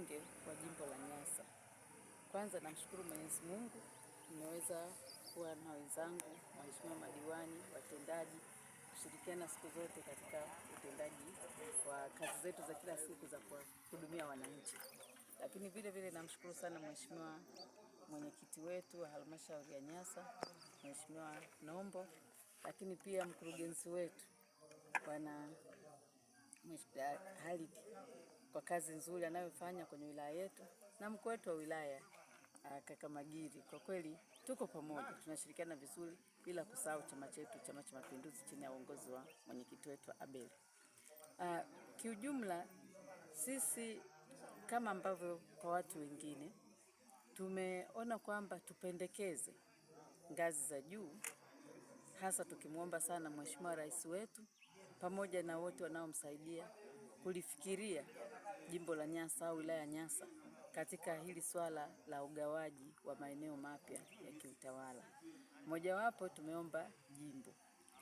mbunge wa jimbo la Nyasa. Kwanza namshukuru Mwenyezi Mungu nimeweza kuwa na wenzangu waheshimiwa madiwani, watendaji, kushirikiana siku zote katika utendaji wa kazi zetu za kila siku za kuhudumia wananchi. Lakini vile vile namshukuru sana mheshimiwa mwenyekiti wetu wa halmashauri ya Nyasa, Mheshimiwa Nombo, lakini pia mkurugenzi wetu Bwana halidi kwa kazi nzuri anayofanya kwenye wilaya yetu na mkuu wetu wa wilaya ah, kaka Magiri. Kwa kweli tuko pamoja, tunashirikiana vizuri bila kusahau chama chetu, Chama cha Mapinduzi chini ya uongozi wa mwenyekiti wetu Abel. Ah, kiujumla sisi kama ambavyo kwa watu wengine tumeona kwamba tupendekeze ngazi za juu, hasa tukimwomba sana mheshimiwa rais wetu pamoja na wote wanaomsaidia kulifikiria jimbo la Nyasa au wilaya ya Nyasa katika hili swala la ugawaji wa maeneo mapya ya kiutawala. Mojawapo tumeomba jimbo,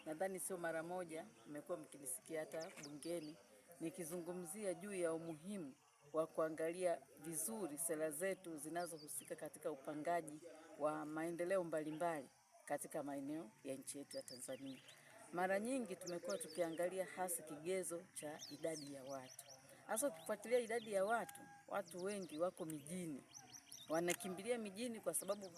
nadhani sio mara moja, mmekuwa mkinisikia hata bungeni nikizungumzia juu ya umuhimu wa kuangalia vizuri sera zetu zinazohusika katika upangaji wa maendeleo mbalimbali katika maeneo ya nchi yetu ya Tanzania. Mara nyingi tumekuwa tukiangalia hasa kigezo cha idadi ya watu Hasa ukifuatilia idadi ya watu, watu wengi wako mijini, wanakimbilia mijini kwa sababu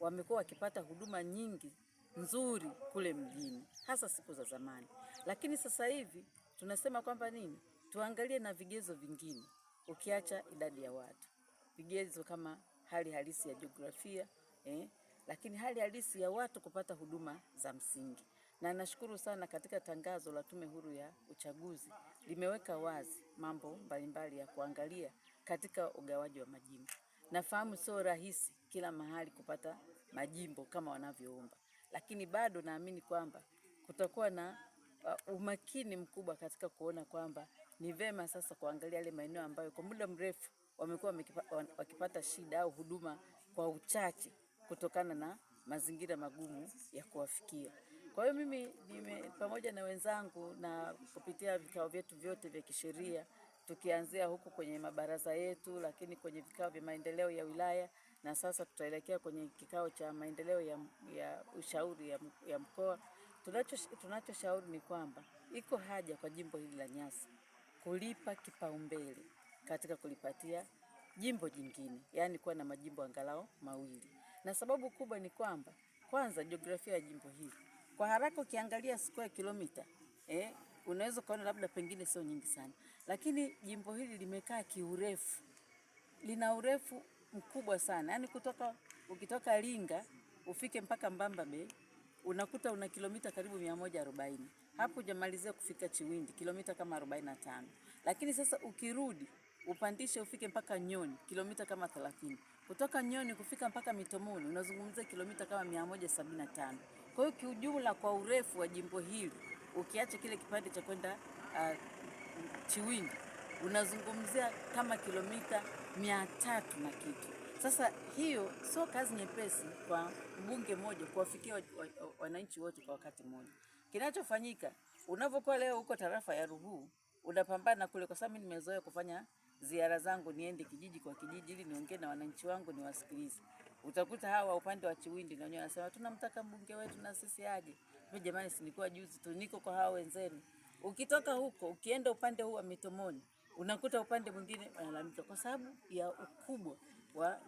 wamekuwa wakipata huduma nyingi nzuri kule mjini, hasa siku za zamani. Lakini sasa hivi tunasema kwamba nini, tuangalie na vigezo vingine, ukiacha idadi ya watu, vigezo kama hali halisi ya jiografia eh, lakini hali halisi ya watu kupata huduma za msingi. Na nashukuru sana katika tangazo la Tume Huru ya Uchaguzi limeweka wazi mambo mbalimbali ya kuangalia katika ugawaji wa majimbo. Nafahamu sio rahisi kila mahali kupata majimbo kama wanavyoomba, lakini bado naamini kwamba kutakuwa na uh, umakini mkubwa katika kuona kwamba ni vema sasa kuangalia yale maeneo ambayo kwa muda mrefu wamekuwa wakipata shida au huduma kwa uchache kutokana na mazingira magumu ya kuwafikia. Kwa hiyo mimi nime, pamoja na wenzangu na kupitia vikao vyetu vyote vya kisheria tukianzia huku kwenye mabaraza yetu, lakini kwenye vikao vya maendeleo ya wilaya na sasa tutaelekea kwenye kikao cha maendeleo ya, ya ushauri ya, ya mkoa. Tunachoshauri tunacho ni kwamba iko haja kwa jimbo hili la Nyasa kulipa kipaumbele katika kulipatia jimbo jingine, yaani kuwa na majimbo angalau mawili, na sababu kubwa ni kwamba kwanza jiografia ya jimbo hili kwa haraka ukiangalia square kilomita eh, unaweza kuona labda pengine sio nyingi sana, lakini jimbo hili limekaa kiurefu, lina urefu mkubwa sana yani, kutoka ukitoka Linga ufike mpaka Mbamba Bay unakuta una kilomita karibu 140 hapo hujamalizia kufika Chiwindi kilomita kama 45, lakini sasa ukirudi upandishe ufike mpaka Nyoni kilomita kama 30. Kutoka Nyoni kufika mpaka Mitomoni unazungumzia kilomita kama 175. Kwa hiyo kiujumla, kwa urefu wa jimbo hili ukiacha kile kipande cha kwenda uh, ah, Chiwindi unazungumzia kama kilomita mia tatu na kitu. Sasa hiyo sio kazi nyepesi kwa mbunge mmoja kuwafikia wananchi wote kwa wakati mmoja. Kinachofanyika unavyokuwa leo huko tarafa ya Ruhuu unapambana kule, kwa sababu mimi nimezoea kufanya ziara zangu niende kijiji kwa kijiji ili niongee na wananchi wangu niwasikilize. Utakuta hawa upande wa Chiwindi na wenyewe wanasema tunamtaka mbunge wetu na sisi aje. Mimi jamani, sinikuwa juzi tu niko kwa hawa wenzenu. Ukitoka huko ukienda upande huu wa Mitomoni unakuta upande mwingine wanalamika kwa sababu ya ukubwa wa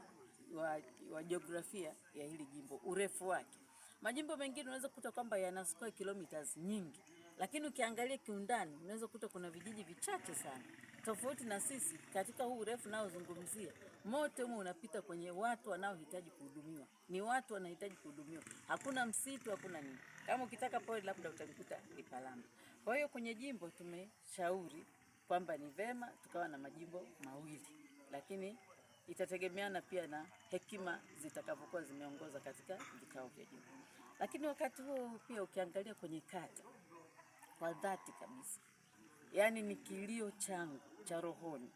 wa, wa jiografia ya hili jimbo, urefu wake. Majimbo mengine unaweza kukuta kwamba yana square kilometers nyingi, lakini ukiangalia kiundani unaweza kukuta kuna vijiji vichache sana tofauti na sisi katika huu urefu naozungumzia mote huo unapita kwenye watu wanaohitaji kuhudumiwa, ni watu wanahitaji kuhudumiwa, hakuna msitu, hakuna nini. Kama ukitaka pole, labda utalikuta Ipalamba. Kwa hiyo kwenye jimbo tumeshauri kwamba ni vema tukawa na majimbo mawili, lakini itategemeana pia na hekima zitakavyokuwa zimeongoza katika vikao vya jimbo. Lakini wakati huo pia ukiangalia kwenye kata, kwa dhati kabisa, yani ni kilio changu cha rohoni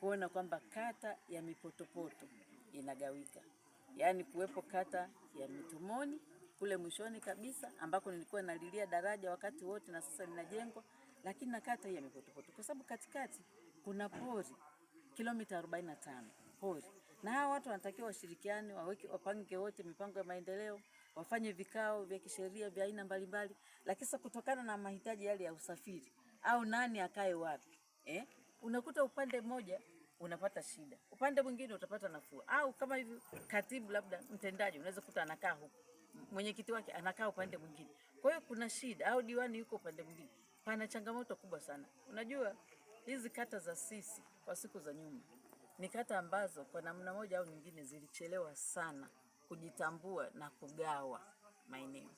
kuona kwamba kata ya Mipotopoto inagawika, yaani kuwepo kata ya Mitumoni kule mwishoni kabisa ambako nilikuwa nalilia daraja wakati wote na sasa linajengwa, lakini na kata ya Mipotopoto kwa sababu katikati kuna pori kilomita 45 pori, na hawa watu wanatakiwa washirikiane, waweke wapange wote mipango ya maendeleo, wafanye vikao vya kisheria vya aina mbalimbali, lakini sasa kutokana na mahitaji yale ya usafiri au nani akae wapi eh? unakuta upande mmoja unapata shida, upande mwingine utapata nafuu. Au kama hivi katibu, labda mtendaji, unaweza kuta anakaa huku, mwenyekiti wake anakaa upande mwingine, kwa hiyo kuna shida, au diwani yuko upande mwingine. Pana changamoto kubwa sana. Unajua hizi kata za sisi kwa siku za nyuma ni kata ambazo kwa namna moja au nyingine zilichelewa sana kujitambua na kugawa maeneo.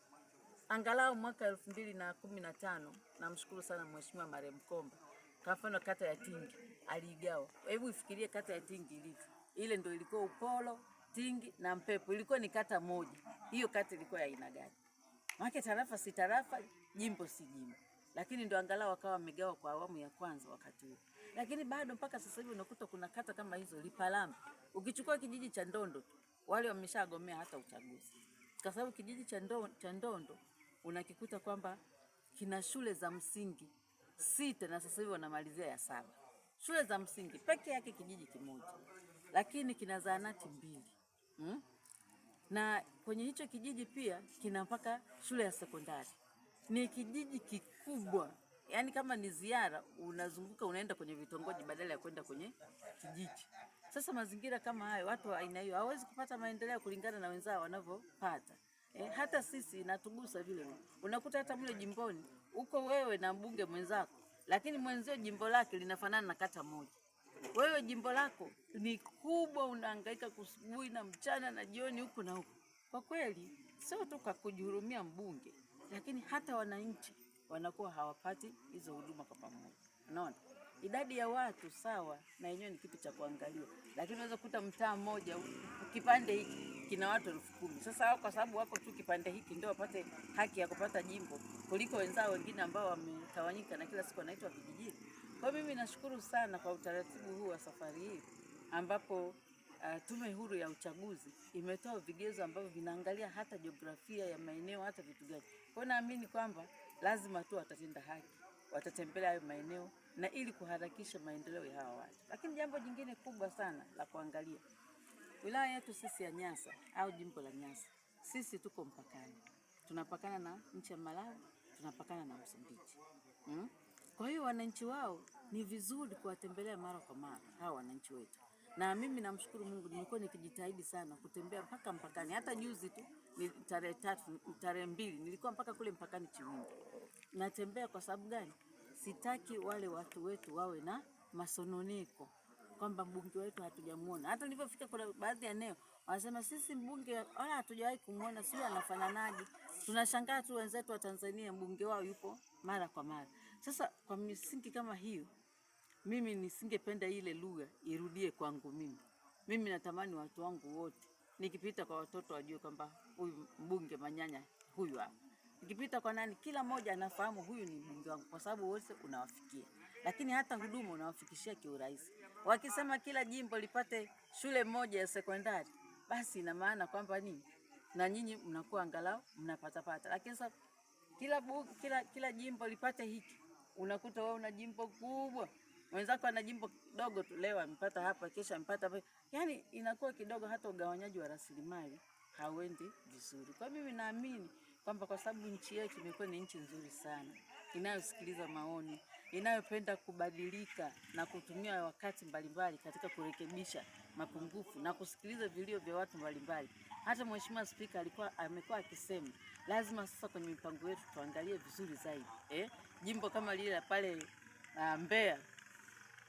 Angalau mwaka elfu mbili na kumi na tano, namshukuru sana Mheshimiwa Marehemu Komba kwa mfano kata ya Tingi aliigawa. Hebu ifikirie kata ya Tingi ilivyo. Ile ndio ilikuwa Upolo, Tingi na Mpepo, ilikuwa ni kata moja. Hiyo kata ilikuwa ya aina gani? Maana tarafa si tarafa, jimbo si jimbo. Lakini ndio angalau wakawa wamegawa kwa awamu ya kwanza wakati huo. Lakini bado mpaka sasa hivi unakuta kuna kata kama hizo Lipalamba. Ukichukua kijiji cha Ndondo tu, wale wameshagomea hata uchaguzi. Kwa sababu kijiji cha Ndondo, cha Ndondo unakikuta kwamba kina shule za msingi sita na sasa hivi wanamalizia ya saba. Shule za msingi peke yake kijiji kimoja, lakini kina zahanati mbili hmm? na kwenye hicho kijiji pia kina mpaka shule ya sekondari. Ni kijiji kikubwa, yaani kama ni ziara unazunguka unaenda kwenye vitongoji badala ya kwenda kwenye kijiji. Sasa mazingira kama hayo, watu wa aina hiyo hawawezi kupata maendeleo kulingana na wenzao wanavyopata eh, hata sisi natugusa vile. Unakuta hata mle jimboni uko wewe na mbunge mwenzako, lakini mwenzio jimbo lake linafanana na kata moja. Wewe jimbo lako ni kubwa, unahangaika kusubuhi na mchana na jioni huku na huku. Kwa kweli sio tu kwa kujihurumia mbunge, lakini hata wananchi wanakuwa hawapati hizo huduma kwa pamoja, unaona idadi ya watu sawa, na yenyewe ni kitu cha kuangalia, lakini unaweza kukuta mtaa mmoja kipande hiki kina watu elfu kumi. Sasa kwa sababu wako tu kipande hiki ndio wapate haki ya kupata jimbo kuliko wenzao wengine ambao wametawanyika na kila siku wanaitwa vijijini. Kwa mimi nashukuru sana kwa utaratibu huu wa safari hii ambapo Uh, Tume Huru ya Uchaguzi imetoa vigezo ambavyo vinaangalia hata jiografia ya maeneo hata vitu gani. Kwa naamini kwamba lazima tu watatenda haki watatembelea hayo maeneo na ili kuharakisha maendeleo ya hawa watu. Lakini jambo jingine kubwa sana la kuangalia, wilaya yetu sisi ya Nyasa au jimbo la Nyasa, sisi tuko mpakani, tunapakana na nchi ya Malawi, tunapakana na Msumbiji hmm? Kwa hiyo wananchi wao ni vizuri kuwatembelea mara kwa mara hawa wananchi wetu, na mimi namshukuru Mungu, nimekuwa nikijitahidi sana kutembea mpaka mpakani. Hata juzi tu tarehe tatu, tarehe mbili nilikuwa mpaka kule mpakani Chiwingi Natembea kwa sababu gani? Sitaki wale watu wetu wawe na masononeko kwamba mbunge wetu hatujamuona. Hata nilipofika kuna baadhi ya eneo wanasema sisi mbunge wala hatujawahi kumuona, sio anafananaje? Tunashangaa tu wenzetu wa Tanzania mbunge wao yupo mara kwa mara. Sasa kwa misingi kama hiyo, mimi nisingependa ile lugha irudie kwangu mimi. Mimi natamani watu wangu wote nikipita kwa watoto wajue kwamba huyu mbunge Manyanya huyu hapa. Ukipita kwa nani, kila mmoja anafahamu huyu ni mbunge wangu, kwa sababu wote unawafikia, lakini hata huduma unawafikishia kiurahisi. Wakisema kila jimbo lipate shule moja ya sekondari, basi ina maana kwamba nini, na nyinyi mnakuwa angalau mnapatapata. Lakini sasa kila, kila, kila jimbo lipate hiki, unakuta wewe una jimbo kubwa mwenzako ana jimbo dogo tu, leo amepata hapa, kesho amepata hapa, yaani inakuwa kidogo, hata ugawanyaji wa rasilimali hauendi vizuri. Kwa mimi naamini kwamba kwa sababu nchi yetu imekuwa ni nchi nzuri sana inayosikiliza maoni, inayopenda kubadilika na kutumia wakati mbalimbali katika kurekebisha mapungufu na kusikiliza vilio vya watu mbalimbali. Hata Mheshimiwa Spika alikuwa amekuwa akisema lazima sasa kwenye mipango yetu tuangalie vizuri zaidi eh? Jimbo kama lile pale uh, Mbeya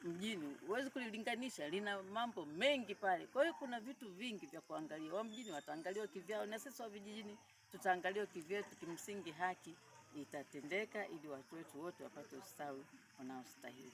mjini huwezi kulilinganisha, lina mambo mengi pale. Kwa hiyo kuna vitu vingi vya kuangalia, wa mjini wataangaliwa kivyao na sisi wa vijijini tutaangalia kivyetu, kimsingi haki itatendeka ili watu wetu wote wapate ustawi unaostahili.